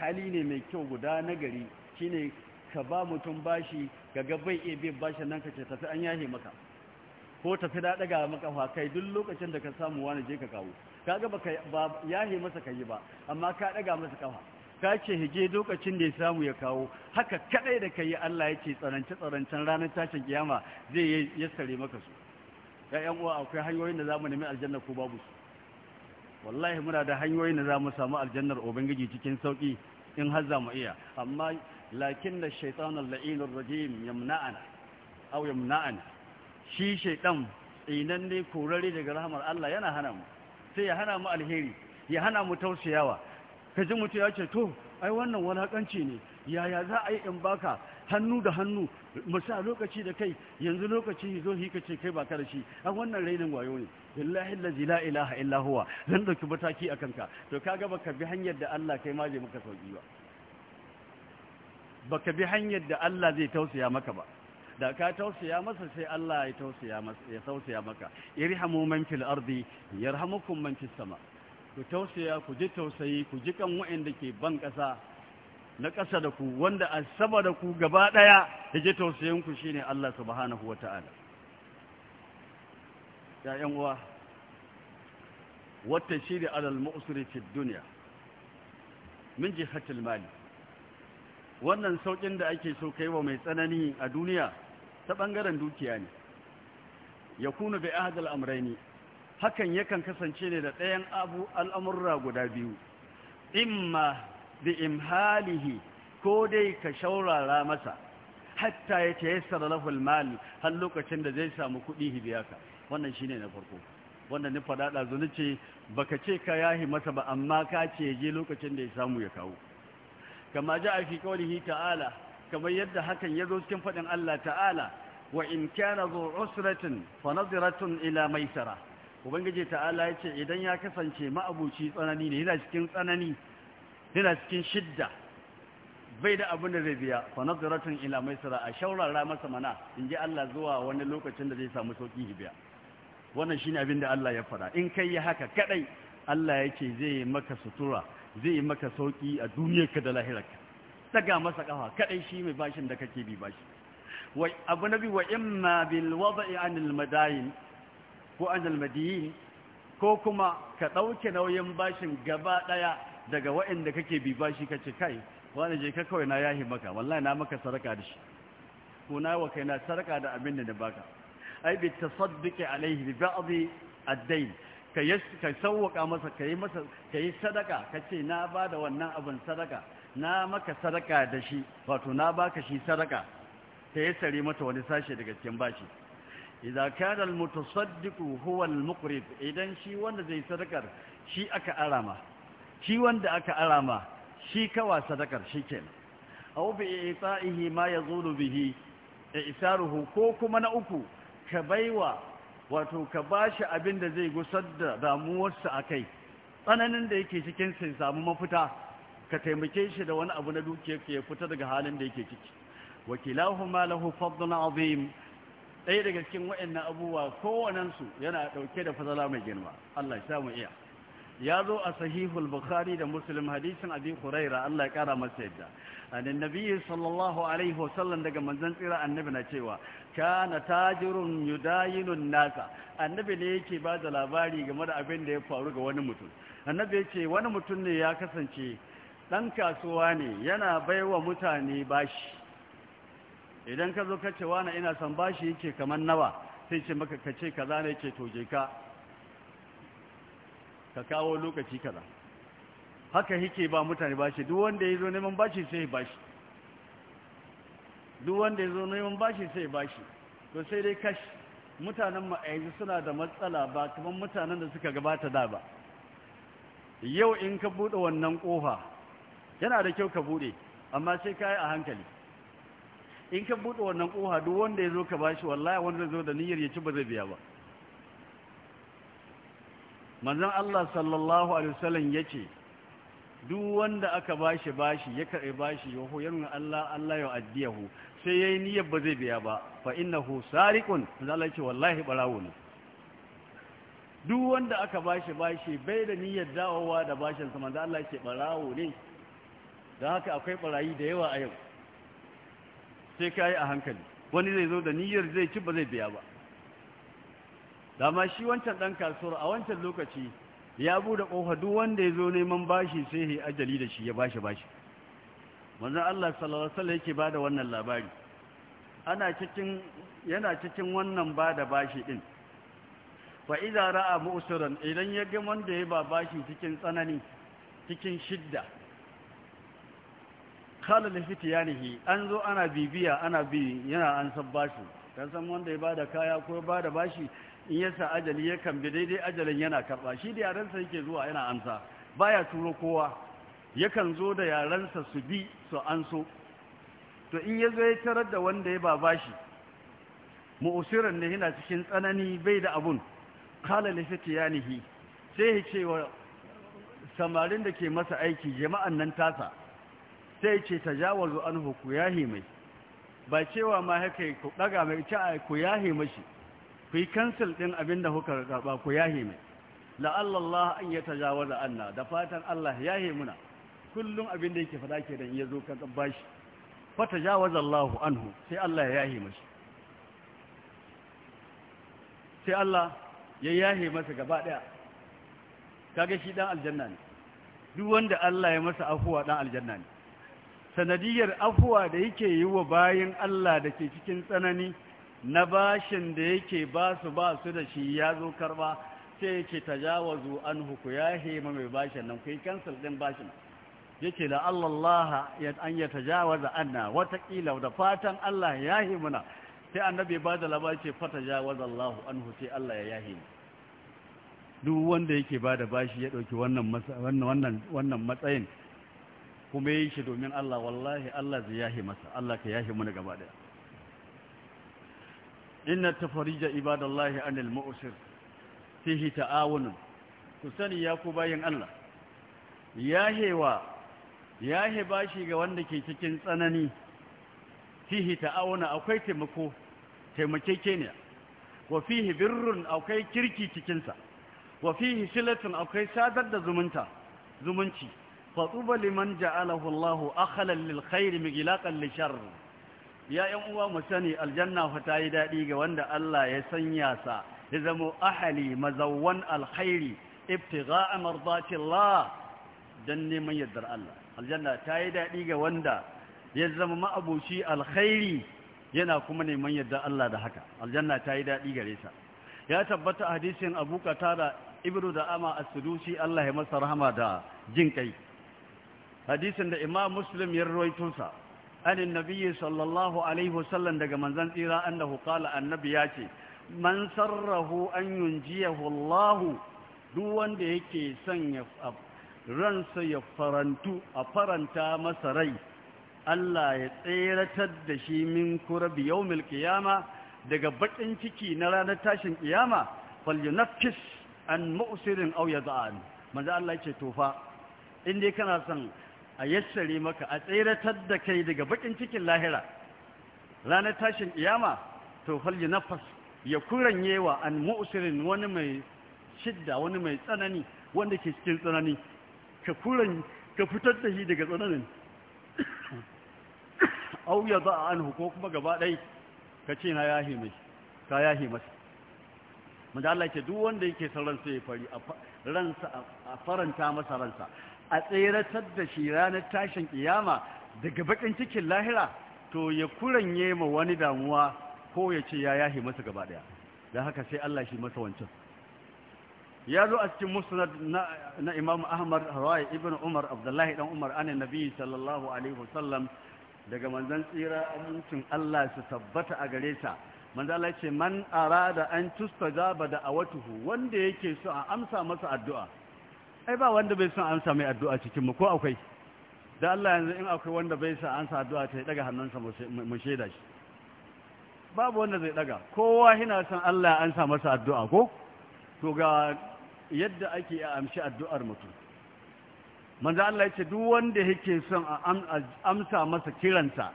hali ne mai kyau guda na gari shine ka ba mutum bashi ga gabai, iya biyan bashi nan ka ce tafi an yahe maka ko tafi da daga kai duk lokacin da ka samu wani je ka kawo Ka ga ba yahe masa kai ba amma ka ɗaga masa kafa ka ce hige lokacin da ya samu ya kawo haka kaɗai da kai Allah ya ce tsanance-tsanancen ranar tashin kiyama zai yassare maka su ya yan uwa akwai hanyoyin da zamu nemi aljanna ko babu su wallahi muna da hanyoyin da zamu samu aljannar ubangiji cikin sauki in har za mu iya amma lakin da shaytanul la'inur rajim yamna'an aw yamna'an shi shaytan inan ne korare daga rahmar Allah yana hana mu sai ya hana mu alheri ya hana mu tausayawa kaji mutum ya ce to ai wannan walakanci ne yaya za a yi in baka hannu da hannu musa lokaci da kai yanzu lokaci zo shi kace kai ba ka da shi an wannan rainin wayo ne billahi allazi la ilaha illa huwa zan dauki mataki akan ka to kaga baka bi hanyar da Allah kai ma zai maka sauki ba baka bi hanyar da Allah zai tausaya maka ba da ka tausaya masa sai Allah ya tausaya masa ya tausaya maka irhamu man fil ardi yarhamukum man fis sama ku tausaya ku ji tausayi ku ji kan wa'anda ke ban kasa na ƙasa da ku wanda a sama da ku gaba ɗaya ya je tausayinku shi ne Allah subhanahu wa ta'ala ‘ya'yan uwa wata shi da alal duniya min jihatul mali wannan sauƙin da ake so kai wa mai tsanani a duniya ta ɓangaren dukiya ne ya kuna bai ahadal amraini hakan yakan kasance ne da ɗayan abu al'amurra guda biyu imma bi imhalihi ko dai ka shaurara masa hatta ya sara lahu almal har lokacin da zai samu kuɗi hibiyaka wannan shine na farko wannan ni fada da ce baka ce ka yahi masa ba amma ka ce je lokacin da ya samu ya kawo kama ja fi qawlihi ta'ala kamar yadda hakan ya zo cikin faɗin Allah ta'ala wa in kana zo usratin fa nadratun ila maisara ubangiji ta'ala ya ce idan ya kasance ma'abuci tsanani ne yana cikin tsanani yana cikin shidda bai da abin da zai biya fa nazaratun ila maisara a shaurara masa mana in ji Allah zuwa wani lokacin da zai samu sauki biya wannan shine abin da Allah ya faɗa in kai ya haka kadai Allah yake zai maka sutura zai maka sauki a duniyarka da lahirarka daga masa kafa kadai shi mai bashin da kake bi bashi wai abu nabi wa imma bil wada'i anil madayin ko anil madiyin ko kuma ka dauke nauyin bashin gaba daya daga waɗanda kake bi bashi ka ce kai wani je ka kawai na yahi maka wallahi na maka saraka da shi ko na wa kai na saraka da abin da na baka ai bi tasadduqi alaihi bi ba'dhi ad-dayn ka ka sawwaka masa kai masa kai sadaka kace na bada wannan abin sadaka na maka sadaka da shi wato na baka shi sadaka ta sare mata wani sashe daga cikin bashi idza kana al-mutasaddiqu huwa al-muqrid idan shi wanda zai sadakar shi aka arama shi wanda aka alama shi kawa sadakar shi kenan aw bi ita'ihi ma yazulu bihi e isaruhu ko kuma na uku ka baiwa wato ka bashi abin da zai gusar da a akai tsananin da yake cikin sai samu mafita ka taimake shi da wani abu na dukiyar ya fita daga halin da yake ciki wakilahuma lahu fadlun azim ɗaya daga cikin waɗannan abubuwa kowanensu yana ɗauke da fasala mai girma Allah ya samu iya ya zo a sahihul bukhari da muslim hadisin abin huraira Allah ya kara masa yadda annan nabi sallallahu alaihi wasallam daga manzan tsira annabi na cewa kana tajirun yudayinun nasa annabi ne yake ba da labari game da abin da ya faru ga wani mutum annabi ya ce wani mutum ne ya kasance dan kasuwa ne yana baiwa mutane bashi idan ka zo ka ce wani ina son bashi yake kamar nawa sai ce maka kace kaza ne yake toje ka ka kawo lokaci kaza haka yake ba mutane bashi duk wanda ya zo neman bashi sai ya bashi duk wanda ya zo neman bashi sai ya bashi to sai dai kash mutanen yanzu suna da matsala ba kuma mutanen da suka gabata da ba yau in ka buɗe wannan kofa yana da kyau ka buɗe amma sai ka yi a hankali in ka buɗe wannan kofa duk wanda ya zo ka bashi wallahi wanda zo da niyyar ya ci ba zai biya ba manzon Allah sallallahu alaihi wasallam yace duk wanda aka bashi bashi ya karbi bashi ya yanzu Allah Allah ya addiyahu sai yayi niyyar ba zai biya ba fa innahu sariqun Allah wallahi ɓarawo ne duk wanda aka bashi bashi bai da niyyar dawowa da bashin sa manzon Allah yace barawo ne dan haka akwai barayi da yawa a yau sai kai a hankali wani zai zo da niyyar zai ci ba zai biya ba dama shi wancan ɗan kasuwar a wancan lokaci ya buɗe ƙofa duk wanda ya zo neman bashi sai ya ajali da shi ya bashi bashi manzon Allah sallallahu alaihi wasallam yake bada wannan labari ana cikin yana cikin wannan bada bashi din fa idza ra'a mu'siran idan ya ga wanda ya ba bashi cikin tsanani cikin shidda kala da fitiyanihi an zo ana bibiya ana bi yana an san bashi kan san wanda ya bada kaya ko bada bashi in yasa ajali ya bi daidai ajalin yana karba shi da yarensa yake zuwa yana amsa baya turo kowa yakan zo da yarensa su bi su anso to in ya zo ya tarar da wanda ya baba shi mu'usirin ne yana cikin tsanani bai da abun kala lafiti yanihi sai ya ce wa samarin da ke masa aiki jama'an nan tasa sai ya ce tajawazu anhu ku yahi mai ba cewa ma haka ku daga mai ci a ku yahi mashi ku yi cancel ɗin abin da kuka karba ku yahe mai la'allallah an ya tajawaza anna da fatan Allah yahe muna kullum abin da yake fada da ya zo ka bashi fa tajawaza Allahu anhu sai Allah ya yahe mashi sai Allah ya yahe masa gaba daya kaga shi ɗan aljanna ne duk wanda Allah ya masa afuwa ɗan aljanna ne sanadiyar afuwa da yake yi wa bayin Allah da ke cikin tsanani na bashin da yake ba su ba su da shi ya zo karba sai yake tajawazu an huku ya hema mai bashin nan kai cancel din bashin yake da Allah ya an ya tajawaza anna watakila da fatan Allah ya yahi muna sai annabi ba da labari ce tajawaza jawaza Allah an huce Allah ya yahi duk wanda yake ba da bashi ya dauki wannan wannan wannan matsayin kuma yi shi domin Allah wallahi Allah zai yahi masa Allah ka yahi muna gaba daya إن التفريج عباد الله عن المؤسر فيه تعاون كسني ياكو باين الله ياهي و ياهي باشي واندكي تكين سنني فيه تعاون أكوي تمكو تمكي كينيا وفيه بر أكوي كيركي تكينسا وفيه سلة أكوي سادد زمنتا زمنتي فطوبى لمن جعله الله أخلا للخير مغلاقا لشر ya yan uwa mu sani aljanna fa ta yi daɗi ga wanda Allah ya sanya sa ya zamo ahali mazawwan alkhairi ibtigha'a mardati Allah dan neman yardar Allah aljanna ta yi daɗi ga wanda ya zama ma'abuci alkhairi yana kuma neman yardar Allah da haka aljanna ta yi daɗi gare sa ya tabbata hadisin Abu tara ibnu da ama as-sudusi Allah ya masa rahama da jin kai hadisin da Imam Muslim ya rawaito sa عن النبي صلى الله عليه وسلم دقى من زنطيرا أنه قال النبي ياتي من سره أن ينجيه الله دون ديكي سن يفأب رنس يفرنتو أفرنتا مسري Allah ya tseratar da shi min kurabi yawmil qiyama daga baƙin ciki na ranar tashin kiyama falyunaffis an mu'sirin aw yad'an manzo Allah tofa in dai kana son a yassare maka a tseratar da kai daga bakin cikin lahira ranar tashin iyama to fal nafas ya kuranye wa an mu'sirin wani mai shidda wani mai tsanani wanda ke cikin tsanani ka kuran ka fitar da shi daga tsananin (coughs) au ya za a anhu ko kuma gaba ɗai ka ce na yahi mai ka yahi masa mu ke duk wanda yake son ya fari ransa a faranta masa ransa a tseratar da shi ranar tashin kiyama daga bakin cikin lahira to ya kuranye ma wani damuwa ko ya ce ya yahi masa gaba daya da haka sai Allah shi masa wancan ya zo a cikin musnad na Imam Ahmad Rawai Ibn Umar Abdullahi dan Umar anan Nabi sallallahu alaihi wasallam daga manzan tsira amincin Allah su tabbata a gare sa manzo Allah ce man arada an tustajaba da awatuhu wanda yake so a amsa masa addu'a ai ba wanda bai son amsa mai addu'a cikin mu ko akwai da Allah yanzu in akwai wanda bai son a addu'a ta daga hannunsa mu shaida shi babu wanda zai daga kowa yana san Allah ya amsa masa addu'a ko to ga yadda ake amshi addu'ar mutum manzo Allah ya ce duk wanda yake son a amsa masa kiransa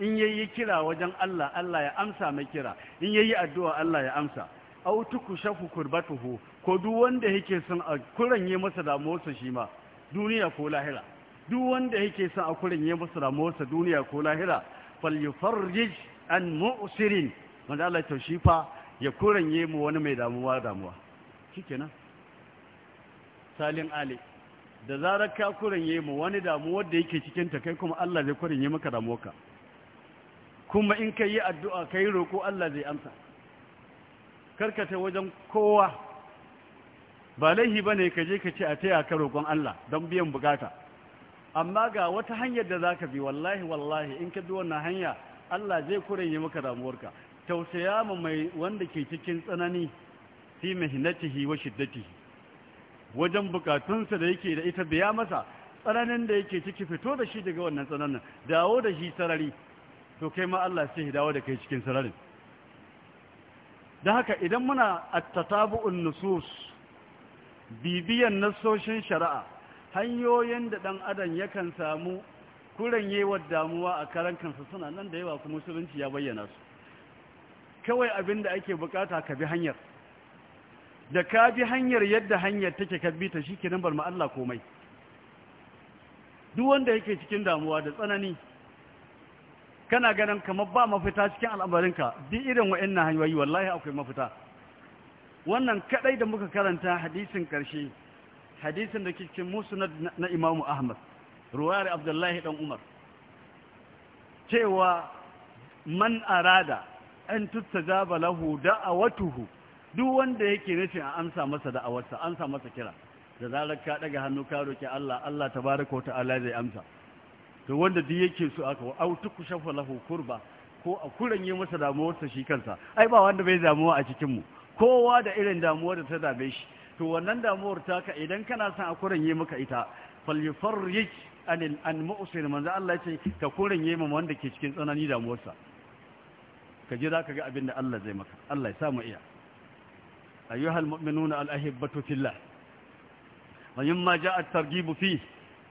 in yayi kira wajen Allah Allah ya amsa mai kira in yayi addu'a Allah ya amsa au tukushafu kurbatuhu ko duk wanda yake son a kuranye masa damuwarsa shi ma duniya ko lahira duk wanda yake son a kuranye masa damuwarsa duniya ko lahira yufarrij an mu'sirin wanda Allah ta shi fa ya kuranye mu wani mai damuwa damuwa shikenan salim ali da zarar ka kuranye mu wani damuwa da yake cikin ta kai kuma Allah zai kuranye maka damuwarka kuma in ka yi addu'a ka yi roƙo Allah zai amsa karkata wajen kowa ba laihi ba ne ka je ka ce a taya ka roƙon Allah don biyan bukata amma ga wata hanyar da za ka bi wallahi wallahi in ka bi wannan hanya Allah zai yi maka damuwarka tausaya ma mai wanda ke cikin tsanani fi mahinatihi wa shiddatihi wajen bukatunsa da yake da ita biya masa tsananin da yake ciki fito da shi daga wannan tsananin dawo da shi sarari to kai ma Allah sai dawo da kai cikin sararin don haka idan muna attatabu'un nusus bibiyan nassoshin shari'a hanyoyin da ɗan adam yakan samu kuranyewar damuwa a karan kansa suna nan da yawa kuma musulunci ya bayyana su kawai abin da ake bukata ka bi hanyar da ka bi hanyar yadda hanyar take ka bi ta shi kenan bar ma'alla Allah komai duk wanda yake cikin damuwa da tsanani kana ganin kamar ba mafita cikin al'amarinka di irin wa'annan hanyoyi wallahi akwai mafita wannan kadai da muka karanta hadisin karshe hadisin da ke cikin musnad na Imam Ahmad ruwayar Abdullahi dan Umar cewa man arada an tuttajaba lahu da'awatuhu duk wanda yake nufin a amsa masa da'awarsa amsa masa kira da zarar ka ɗaga hannu ka roki Allah Allah tabaraka wa ta'ala zai amsa to wanda duk yake so aka au tuku shafa lahu kurba ko a yi masa damuwarsa shi kansa ai ba wanda bai damuwa a cikin mu kowa da irin damuwar da ta dame shi to wannan damuwar taka idan kana son a yi maka ita falyafarrij anil an mu'sir manzo Allah yace ka yi mu wanda ke cikin tsanani damuwarsa ka ji zaka ga abin da Allah zai maka Allah ya samu iya ayyuhal mu'minuna al-ahibbatu fillah wa yamma ja'a at fihi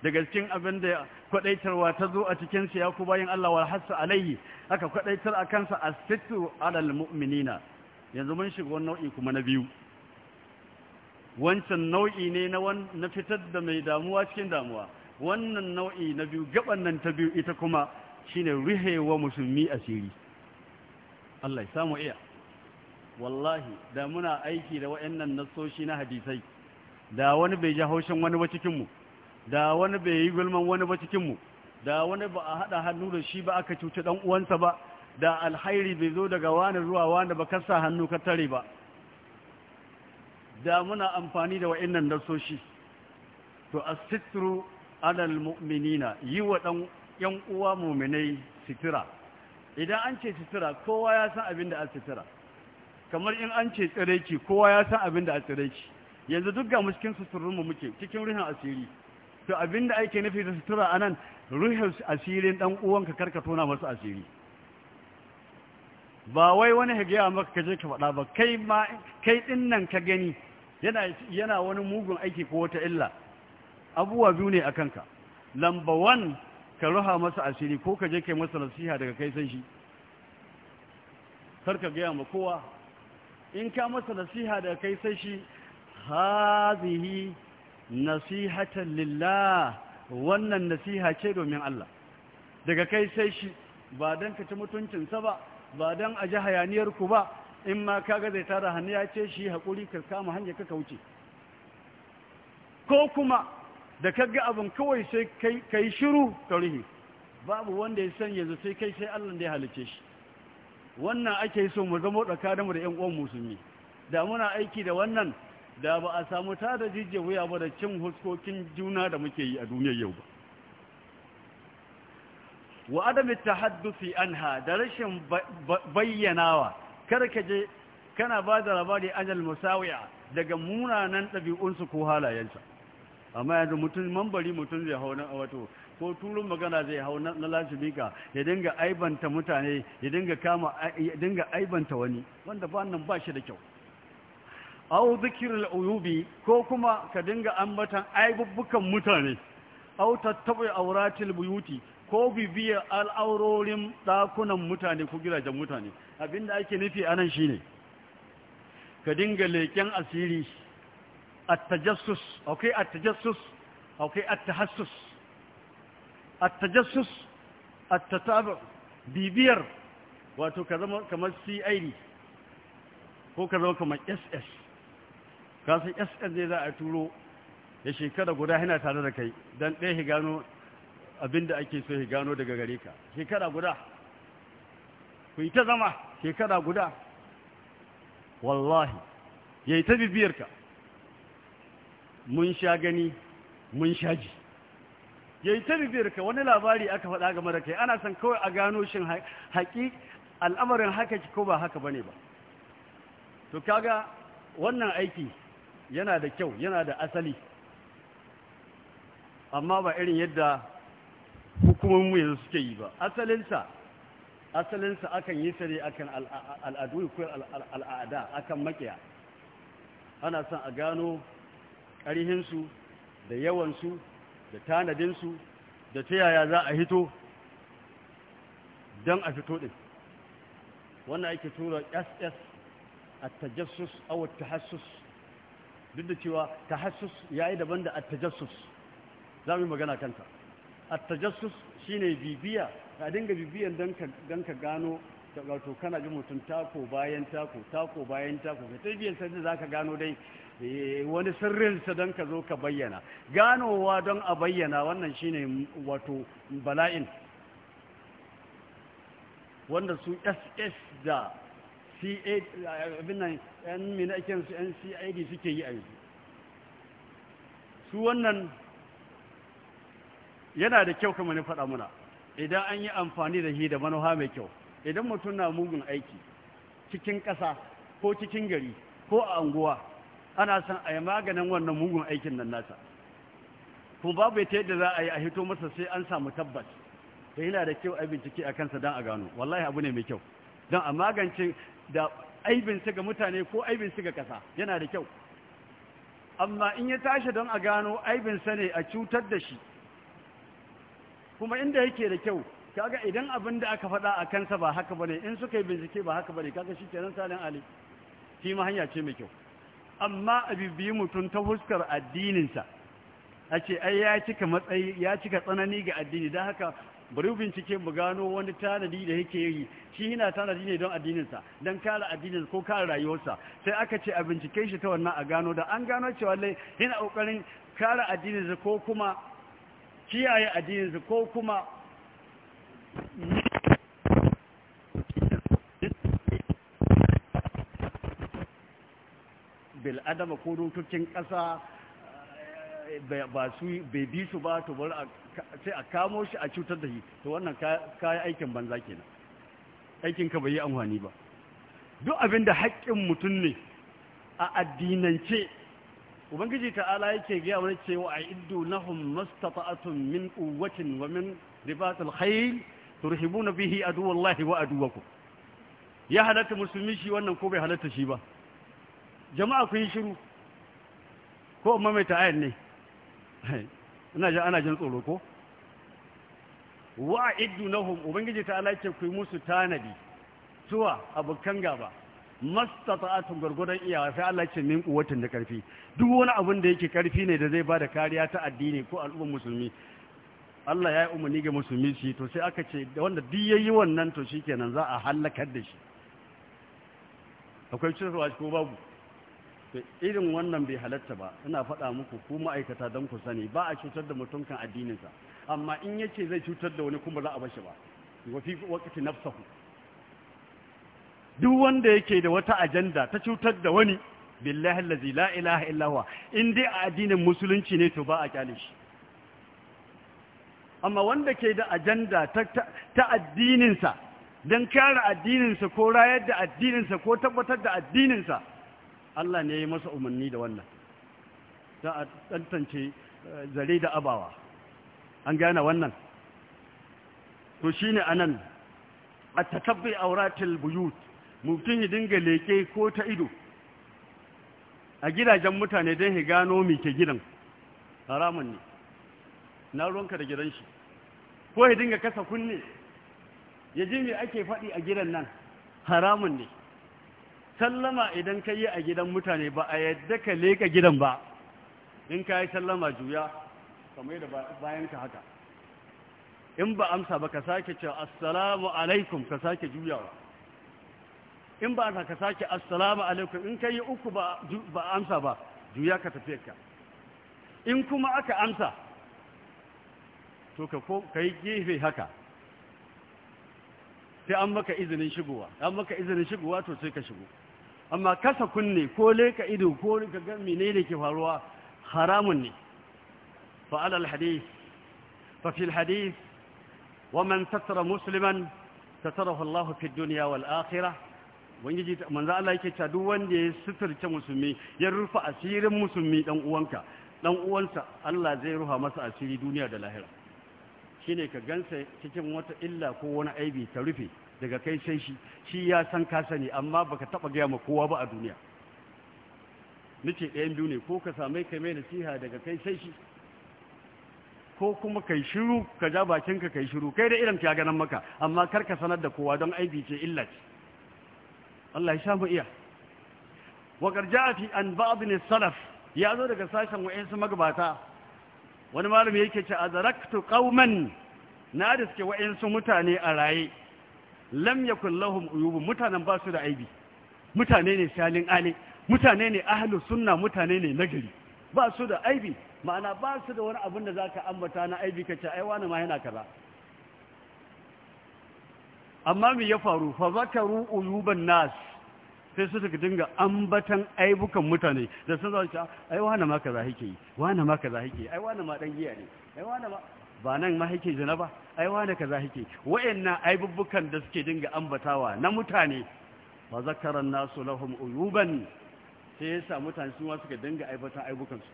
daga cikin abin da kwadaitarwa ta zo a cikin ya ku bayin Allah wal hasu alaihi aka kwadaitar a kansa asitu alal mu'minina yanzu mun shiga wani nau'i kuma na biyu wancan nau'i ne na na fitar da mai damuwa cikin damuwa wannan nau'i na biyu gaban nan ta biyu ita kuma shine rihewa musulmi asiri Allah ya samu iya wallahi da muna aiki da waɗannan nasoshi na hadisai da wani bai ji haushin wani ba mu da wani bai yi gulman wani ba cikinmu da wani ba a haɗa hannu da shi ba aka cuci ɗan uwansa ba da alhairi bai zo daga wani zuwa wani ba kasa hannu ka tare ba da muna amfani da wa'innan nasoshi to asitru alal mu'minina yi wa ɗan ‘yan uwa muminai sitira idan an ce sitira kowa ya san abin da a sitira kamar in an ce tsireki kowa ya san abin da a tsireki yanzu duk ga mu cikin suturunmu muke cikin ruhin asiri to abinda ake nufi da sutura anan ruhin asirin dan uwanka karka tona masa asiri ba wai wani hagiya maka kaje ka faɗa ba kai ma nan ka gani yana wani mugun aiki ko wata illa abuwa biyu ne akan ka lamba wan ka ruha masa asiri ko ka je kai masa nasiha daga kai san shi karka gaya ma kowa in ka masa nasiha daga kai san shi hazihi nasihatan lillah wannan nasiha ce domin Allah daga kai sai shi ba don ka ci mutuncinsa ba ba don a ji hayaniyarku ba in ma kaga zai tara hannu ya ce shi hakuri ka kama hanyar ka kauce ko kuma da kaga abin kawai sai ka yi shiru ka babu wanda ya san yanzu sai kai sai Allah da ya halice shi wannan ake so mu zama kadamu da ƴan uwan musulmi da muna aiki da wannan da ba a samu ta da jijje wuya ba da cin huskokin juna da muke yi a duniyar yau ba wa adamin an anha da rashin bayyanawa kar ka je kana ba da labari ajal musawiya daga munanan ɗabi'unsu ko halayensa amma yanzu mutum mambari mutum zai hau na wato ko turun magana zai hau na lasibika ya dinga aibanta mutane ya dinga kama ya dinga aibanta wani wanda ba nan ba shi da kyau au zikirul uyubi ko kuma ka dinga ambatan aibubbukan mutane au tattabu auratil buyuti ko bibiyar al'aurorin ɗakunan mutane ko gidajen mutane abinda ake nufi anan shine ka dinga leken asiri attajassus akwai attajassus akwai attahassus attajassus attatabu bibiyar wato ka zama kamar CID ko ka zama kamar SS kasan sn ne za a turo ya shekara guda yana tare da kai don ɗaya shi gano abin da ake so shi gano daga gare ka shekara guda ku yi ta zama shekara guda wallahi ya yi ta bibiyarka mun sha gani mun sha ji ya yi ta bibiyarka wani labari aka faɗa game da kai ana son kawai a gano shin haƙi al'amarin haka ki, ko ba haka ba ne ba to kaga wannan aiki yana da kyau yana da asali amma ba irin yadda hukumomin yanzu suke yi ba asalinsa asalinsa akan yi sare akan al'adu ko al'ada akan makiya ana son a gano ƙarihinsu da yawansu da tanadinsu da ta yaya za a hito don a fito ɗin wannan ake tura ss a tajassus a wata hassus duk da cewa tahassus yayi daban da at-tajassus za mu magana kanta at-tajassus shine bibiya ka dinga bibiyan dan ka dan ka gano wato kana jin mutum tako bayan tako tako bayan tako ka tabiyan sai ka gano dai eh, wani sirrin sa dan ka zo ka bayyana ganowa don a bayyana wannan shine wato bala'in wanda su SS da Eh, abin suke yi a yanzu su wannan yana da kyau kamar ni faɗa muna idan an yi amfani da shi da manoha mai kyau idan mutum na mugun aiki cikin ƙasa ko cikin gari ko a anguwa ana son a yi maganin wannan mugun aikin nan nasa ko babu ta yadda za a yi a hito masa sai an samu tabbas da yana da kyau a bincike a kansa don a gano wallahi abu ne mai kyau don a magance da aibinsa ga mutane ko aibinsa ga ƙasa yana da kyau amma in ya tashi don a gano aibinsa ne a cutar da shi kuma inda yake da kyau kaga idan abin da aka faɗa a kansa ba haka bane in suka yi bincike ba haka bane kaga shi kenan salin ali shi hanya ce mai kyau amma a bibiyi mutum ta fuskar addininsa a ce ai ya cika matsayi ya cika tsanani ga addini don haka bari bincike mu gano wani tanadi da yake yi shi yana tanadi ne don addininsa don kare addininsa ko kare rayuwarsa sai aka ce a bincike shi ta wannan a gano da an gano cewa lai yana kokarin kare addininsa ko kuma kiyaye addininsa ko kuma bil adama ko dokokin ƙasa ba su bai bi su ba to bar sai a kamo shi a cutar da shi to wannan kayan aikin banza kenan aikin ka bai yi amfani ba duk abin da haƙƙin mutum ne a addinance ubangiji ta'ala yake gaya wani cewa a iddu nahum mastata'atun min quwwatin wa min ribatil khayl turhibuna bihi wallahi wa aduwakum ya halatta musulmi shi wannan ko bai halatta shi ba jama'a ku yi shiru ko mamaita ayan ne ana jin tsoro ko na lahum ubangiji ta Allah ku musu tanadi zuwa abokan gaba mastata'atun gurgurdan iyawa sai Allah ce min kuwatin da karfi duk wani abin da yake karfi ne da zai bada kariya ta addini ko al'ummar musulmi Allah ya yi umarni ga musulmi shi to sai aka ce da wanda duk yayi wannan to shikenan za a halakar da shi akwai cikin ruwa ko babu to irin wannan bai halatta ba ina faɗa muku ku ma'aikata don ku sani ba a cutar da mutum kan addininsa amma in yace zai cutar da wani kuma za a bashi ba wafi fi waqti nafsahu duk wanda yake da wata ajanda ta cutar da wani billahi allazi la ilaha illa huwa in dai a addinin musulunci ne to ba a kyale shi amma wanda ke da ajanda ta addininsa don kare addininsa ko rayar da addininsa ko tabbatar da addininsa Allah ne ya masa umarni da wannan za a tantance eh, zare da abawa an gane wannan to shine anan a tatabbi auratul buyut mutum ya dinga leke ko ta ido a gidajen mutane don ya gano ke gidan haramun ne na ruwanka da gidan shi ko ya dinga kasa kunne ya ji me ake faɗi a gidan nan haramun ne sallama idan ka yi a gidan mutane ba a yadda ka leka gidan ba in ka yi sallama juya kamar da bayan ka haka in ba amsa ba ka sake ce assalamu alaikum ka sake juyawa in ba ka sake assalamu alaikum in ka yi uku ba amsa ba juya ka tafiye ka in kuma aka amsa to ka yi gefe haka sai an maka izinin shigowa an maka izinin shigowa to sai ka shigo amma kasa kunne ko leka ido ko ka ga menene ke faruwa haramun ne fa ala al hadith fa fi al wa man satara musliman satarahu Allah fi dunya wal akhirah ubangiji manzo Allah yake cewa duk wanda ya suturce musulmi ya rufa asirin musulmi dan uwanka dan uwansa Allah zai rufa masa asiri duniya da lahira shine ka gansa cikin wata illa ko wani aibi ta rufe daga kai sai shi shi ya san ka sani amma baka taba gaya ma kowa ba a duniya nace ɗayan biyu ne ko ka same kai mai nasiha daga kai sai shi ko kuma kai shiru ka ja bakinka kai shiru kai da irin ta ganin maka amma kar ka sanar da kowa don aibi ce illa ce Allah ya sha mu iya wa garja'ati an ba'd min salaf ya zo daga sashen su magabata wani malami yake ce azaraktu qauman na da suke su mutane a raye lam yakun lahum uyubu mutanen ba su da aibi mutane ne salin ali mutane ne ahlu sunna mutane ne nagari ba su da aibi ma'ana ba su da wani abin da zaka ambata na aibi kace ai wani ma yana kaza amma me ya faru fa zakaru uyuban nas sai su suka dinga ambatan aibukan mutane da sun zauce ai wani ma kaza yake yi wani ma kaza yake yi ai wani ma dan giya ne ai wani ma ba nan ma hake zina ba ai wane kaza yake wayannan bubbukan da suke dinga ambatawa na mutane fa zakaran nasu lahum uyuban sai yasa mutane su ma suka dinga aibata aibukan su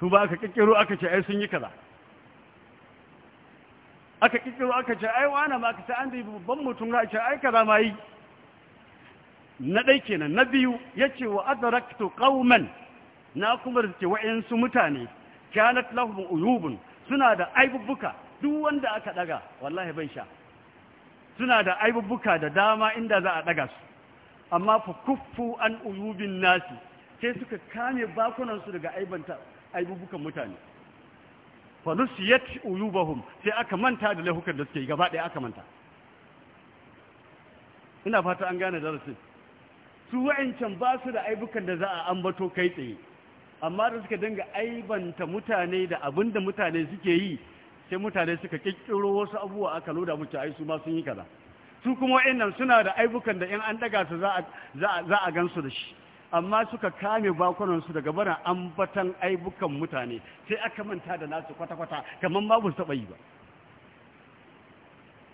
su ba aka kikkiro aka ce ai sun yi kaza aka kikkiro aka ce ai wane ma ka ta an dubi babban mutum ra ce ai kaza ma yi na dai kenan na biyu yace wa adraktu qauman na kuma rike wa'yansu mutane kanat lahum uyubun suna da aibubbuka duk wanda aka daga wallahi ban sha suna da aibubbuka da dama inda za a daga su amma fa kuffu an uyubin nasi sai suka kame bakunan su daga aibanta aibubbukan mutane fa nusiyat uyubahum sai aka manta da laifukan da suke gaba ɗaya aka manta ina fata an gane darasin su wa'ancan ba su da aibukan da za a ambato kai tsaye amma da suka dinga aibanta mutane da abin da mutane suke yi sai mutane suka kikkiro wasu abubuwa aka loda muke ai su ma sun yi kaza su kuma wa'annan suna da aibukan da in an daga su za a gansu da shi amma suka kame bakunansu daga bara ambatan aibukan mutane sai aka manta da nasu kwata-kwata kamar babu taɓa yi ba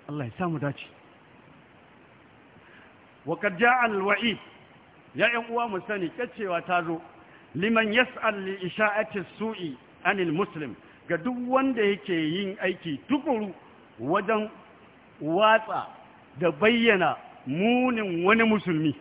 Allah ya samu dace wa kad waid ya ƴan uwa mu sani kacewa ta zo liman yas'al li isha'ati su'i anil muslim ga duk wanda yake yin aiki tukuru wajen watsa da bayyana munin wani musulmi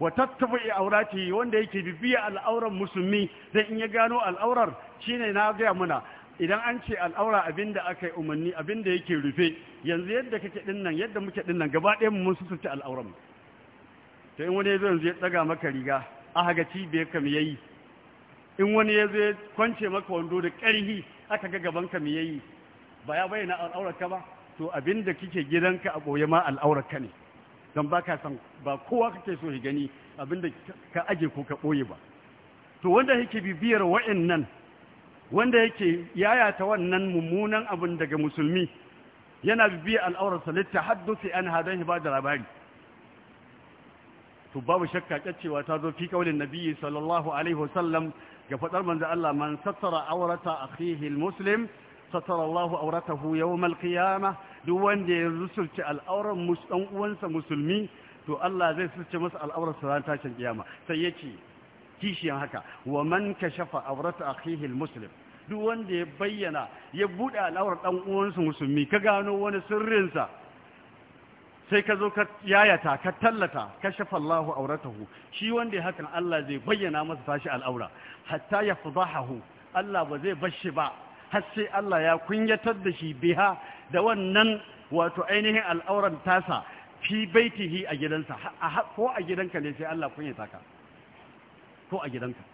wa tattabu aurati wanda yake bibiya al'auran musulmi dan in ya gano al'aurar shine na ga muna idan an ce al'aura abinda aka yi umarni abinda yake rufe yanzu yadda kake nan yadda muke nan gaba ɗaya mun suturta al'auran to in wani yanzu ya daga maka riga A ga cibiyar ka yi? in wani ya zai kwance maka wando da ƙarhi aka ga gaban ka yi? ba ya bayyana al'aurarka ba to abin da kike gidanka a ɓoye ma al'aurarka ne don ba ka san ba kowa kake so ya gani abin da ka aje ko ka ɓoye ba to wanda yake bibiyar wa'annan wanda yake yayata wannan mummunan abin daga musulmi yana bibiyar al'aurarsa litta haddusi an hadan ba da labari to babu shakka kyacewa ta zo fi kaulin nabiyyi sallallahu alaihi wasallam ga fadar manzo Allah man satara awrata akhihi almuslim satara Allahu awratahu yawm alqiyamah duk wanda ya rusulci al'auran dan uwansa musulmi to Allah zai suce masa al'auran sa ran tashin kiyama sai yace kishiyan haka wa man kashafa awrata akhihi almuslim duk wanda ya bayyana ya bude al'auran dan uwansa musulmi ka gano wani sirrinsa sai ka zo ka yayata ka tallata ka shafa Allahu auratahu shi wanda ya hakan Allah zai bayyana masa tashi al'aura hatta ya fudahahu Allah ba zai bashi ba har sai Allah ya kunyatar da shi biha da wannan wato ainihin al'auran tasa fi baitihi a gidansa ko a gidanka ne sai Allah kunyata ka ko a gidanka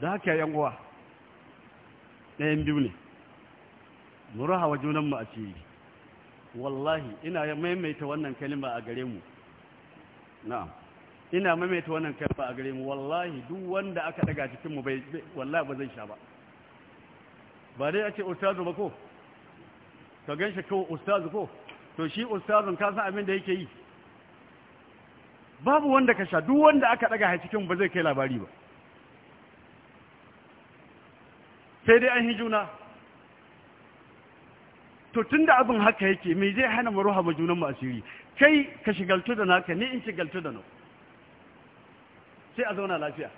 da haka yan uwa ɗayan biyu ne mu raha wa junanmu a ciki wallahi ina maimaita wannan kalima a gare mu na'am ina maimaita wannan kalima a gare mu wallahi duk wanda aka daga cikin mu bai wallahi ba zai sha ba ba dai ake ustazu ba ko ka ganshi ko ustazu ko to shi ustazun ka san abin da yake yi babu wanda ka sha duk wanda aka daga cikin ba zai kai labari ba sai dai an hijuna to tun da abin haka yake mai zai hana mu ruha majunan mu asiri kai ka shigaltu da naka ni in shigaltu da nau sai a zauna lafiya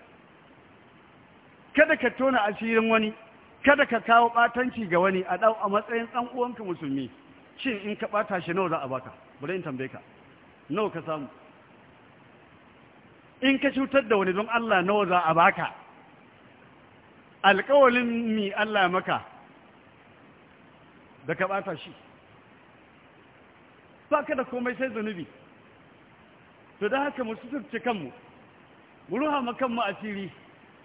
kada ka tona asirin wani kada ka kawo batanci ga wani a dau a matsayin dan uwanka musulmi shin in ka bata shi nawa za a baka bari in tambaye ka nawa ka samu in ka cutar da wani don Allah nawa za a baka alƙawalin mi Allah maka da ka ɓata shi ba ka da komai sai zunubi to da haka mu suturce kanmu mu ruha a asiri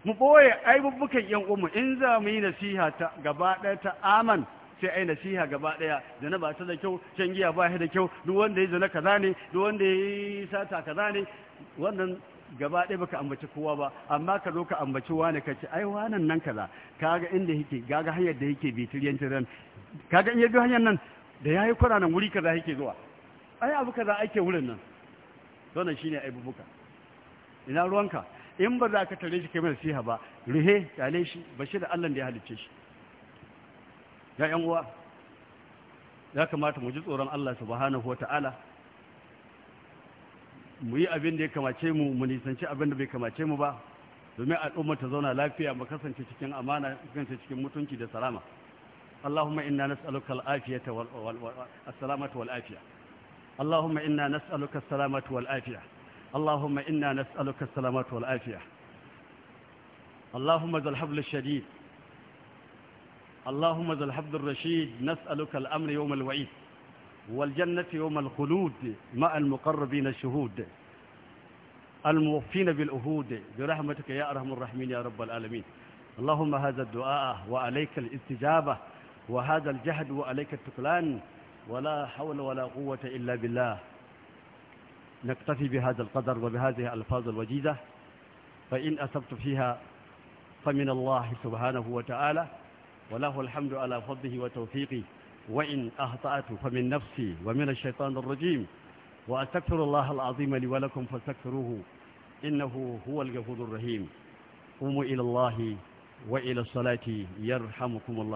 mu ɓoye aibubbukan yan umu in za mu yi nasiha ta gaba ɗaya ta aman sai ai nasiha gaba ɗaya da ba ta da kyau shan giya ba da kyau duk wanda ya zana kaza ne duk wanda ya yi sata kaza ne wannan gaba ɗaya baka ambaci kowa ba amma ka zo ka ambaci wani ka ce ai wanan nan kaza kaga inda yake gaga hanyar da yake bitiriyan tiran kaga in ya bi hanyar nan da ya yi kwara nan wuri kaza yake zuwa ai abu kaza ake wurin nan shi shine aibubuka ina ruwanka in ba za ka tare shi kamar siha ba ruhe tale shi bashi da Allah da ya halicce shi ya yan uwa ya kamata mu ji tsoron Allah subhanahu wataala mu yi abin da ya kamace mu mu nisanci abin da bai kamace mu ba domin al'umma ta zauna lafiya mu kasance cikin amana kasance cikin mutunci da salama اللهم إنا نسألك العافية والسلامة والعافية اللهم إنا نسألك السلامة والعافية اللهم إنا نسألك السلامة والعافية اللهم ذا الحبل الشديد اللهم ذا الحبل الرشيد نسألك الأمر يوم الوعيد والجنة يوم الخلود مع المقربين الشهود الموفين بالأهود برحمتك يا أرحم الراحمين يا رب العالمين اللهم هذا الدعاء وعليك الاستجابة وهذا الجهد وعليك التكلان ولا حول ولا قوة إلا بالله نكتفي بهذا القدر وبهذه الألفاظ الوجيزة فإن أصبت فيها فمن الله سبحانه وتعالى وله الحمد على فضله وتوفيقه وإن أهطأت فمن نفسي ومن الشيطان الرجيم وأستغفر الله العظيم لي ولكم فاستغفروه إنه هو الغفور الرحيم قوموا إلى الله وإلى الصلاة يرحمكم الله